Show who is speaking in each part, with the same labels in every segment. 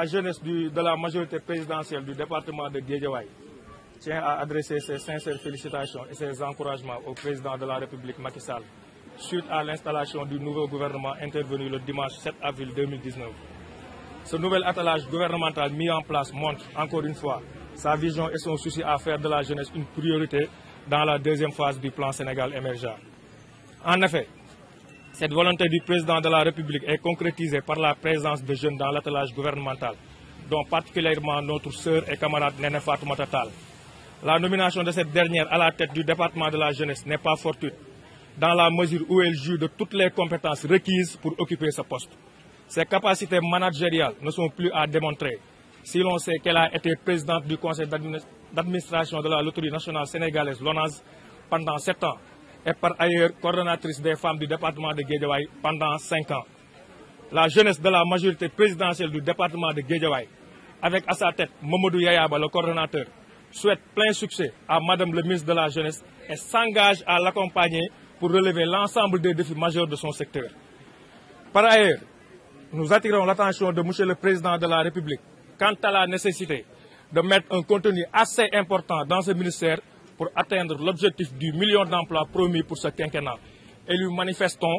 Speaker 1: la jeunesse du, de la majorité présidentielle du département de Guédiawaye tient à adresser ses sincères félicitations et ses encouragements au président de la République Macky Sall suite à l'installation du nouveau gouvernement intervenu le dimanche 7 avril 2019. Ce nouvel attelage gouvernemental mis en place montre, encore une fois, sa vision et son souci à faire de la jeunesse une priorité dans la deuxième phase du plan Sénégal émergent. En effet, cette volonté du président de la République est concrétisée par la présence de jeunes dans l'attelage gouvernemental, dont particulièrement notre sœur et camarade Nene Fatoumata La nomination de cette dernière à la tête du département de la jeunesse n'est pas fortuite, dans la mesure où elle joue de toutes les compétences requises pour occuper ce poste. Ses capacités managériales ne sont plus à démontrer. Si l'on sait qu'elle a été présidente du conseil d'administration de la Loterie nationale sénégalaise, l'ONAS, pendant sept ans, et par ailleurs coordonnatrice des femmes du département de Guédiawaye pendant 5 ans. La jeunesse de la majorité présidentielle du département de Guédiawaye, avec à sa tête Mamadou Yayaba, le coordonnateur, souhaite plein succès à Madame le ministre de la Jeunesse et s'engage à l'accompagner pour relever l'ensemble des défis majeurs de son secteur. Par ailleurs, nous attirons l'attention de M. le Président de la République quant à la nécessité de mettre un contenu assez important dans ce ministère pour atteindre l'objectif du million d'emplois promis pour ce quinquennat. Et lui manifestons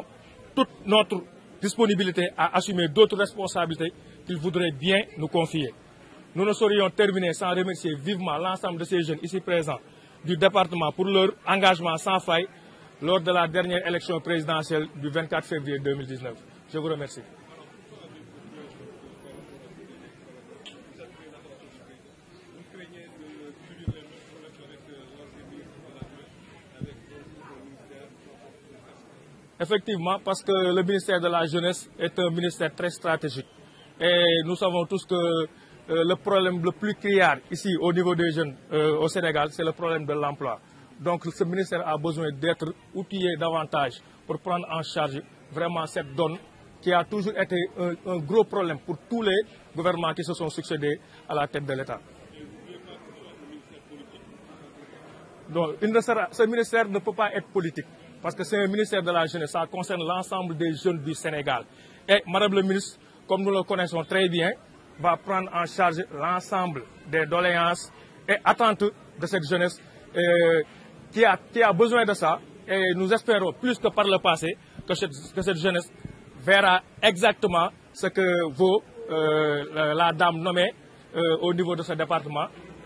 Speaker 1: toute notre disponibilité à assumer d'autres responsabilités qu'il voudrait bien nous confier. Nous ne saurions terminer sans remercier vivement l'ensemble de ces jeunes ici présents du département pour leur engagement sans faille lors de la dernière élection présidentielle du 24 février 2019. Je vous remercie. Effectivement, parce que le ministère de la Jeunesse est un ministère très stratégique. Et nous savons tous que euh, le problème le plus criard ici au niveau des jeunes euh, au Sénégal, c'est le problème de l'emploi. Donc ce ministère a besoin d'être outillé davantage pour prendre en charge vraiment cette donne qui a toujours été un, gros problème pour tous les gouvernements qui se sont succédés à la tête de l'État. Donc, ce ministère ne peut pas être politique. Parce que c'est un ministère de la Jeunesse, ça concerne l'ensemble des jeunes du Sénégal. Et Madame le ministre, comme nous le connaissons très bien, va prendre en charge l'ensemble des doléances et attentes de cette jeunesse euh, qui, a, besoin de ça. Et nous espérons, plus que par le passé, que cette, jeunesse verra exactement ce que vaut euh, la, dame nommée euh, au niveau de ce département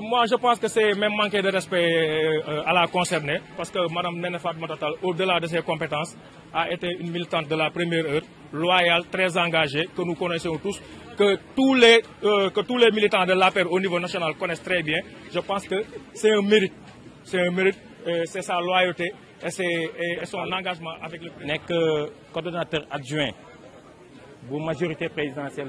Speaker 1: moi, je pense que c'est même manquer de respect euh, à la concernée, parce que Mme Nenefad Matatal, au-delà de ses compétences, a été une militante de la première heure, loyale, très engagée, que nous connaissons tous, que tous les, euh, que tous les militants de l'APER au niveau national connaissent très bien. Je pense que c'est un mérite. C'est un mérite, euh, c'est sa loyauté et, son engagement avec le président. que
Speaker 2: adjoint, majorité présidentielle,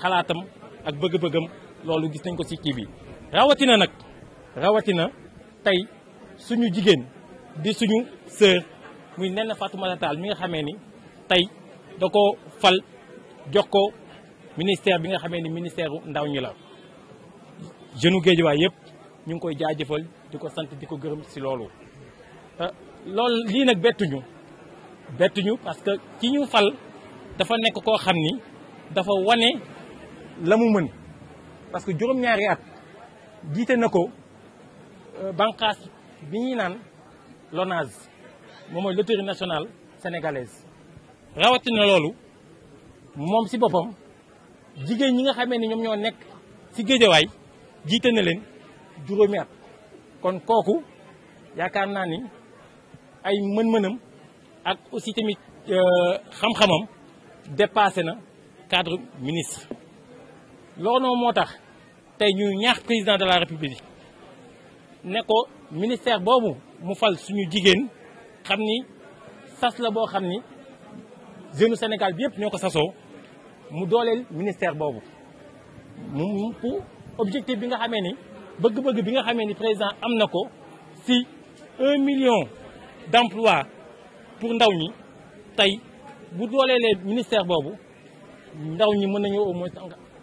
Speaker 2: xalaatam ak bëgg-bëggam loolu gis nañ ko ci kii bi rawatina nag rawatina tey suñu jigéen di suñu sœur muy Néné Fatoumata Tall mi nga xamee ni tey da ko fal jox ko ministère bi nga xamee ni ministère ndaw ñi la jeune Guédiawaye yëpp ñu ngi koy jaajëfal di ko sant di ko gërëm si loolu euh, loolu lii nag bettuñu bettuñu parce que ki ñu fal dafa nekk koo xam ni dafa wane la mu mën parce que juróom-ñaari at jiite na ko euh, banqaas bi ñuy naan LONASE moom mooy loterie nationale sénégalaise rawatina loolu moom si boppam jigéen ñi nga xamee ni ñoom ñoo nekk si géejawaay jiite na leen juróomi at kon kooku yaakaar naa ni ay mën-mënam ak aussi tamit euh, xam-xamam dépassé na cadre ministre loolu moo tax tey ñu ñaax président de la république ne ko ministère boobu mu fal suñu jigéen xam ni sas la boo xam ni jeune Sénégal bi yëpp ñoo ko sasoo mu dooleel ministère boobu mu pour objectif bi nga xamee ni bëgg-bëgg bi nga xamee ni président am na ko si un million d'emplois pour ndaw ñi tey bu dooleelee ministère boobu ndaw ñi mën nañoo au moins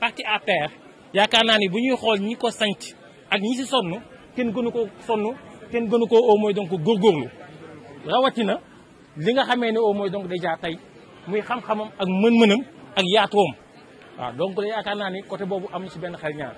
Speaker 2: à APR yaakaar naa ni bu ñuy xool ñi ko sanc ak ñi si sonn kenn gënu ko sonn kenn gënu ko au moins donc góorgóorlu rawatina li nga xamee ne au moins donc déjà tey muy xam-xamam ak mën-mënam ak yaatuwam waaw donc yaakaar naa ni côté boobu am na si benn xel ñaar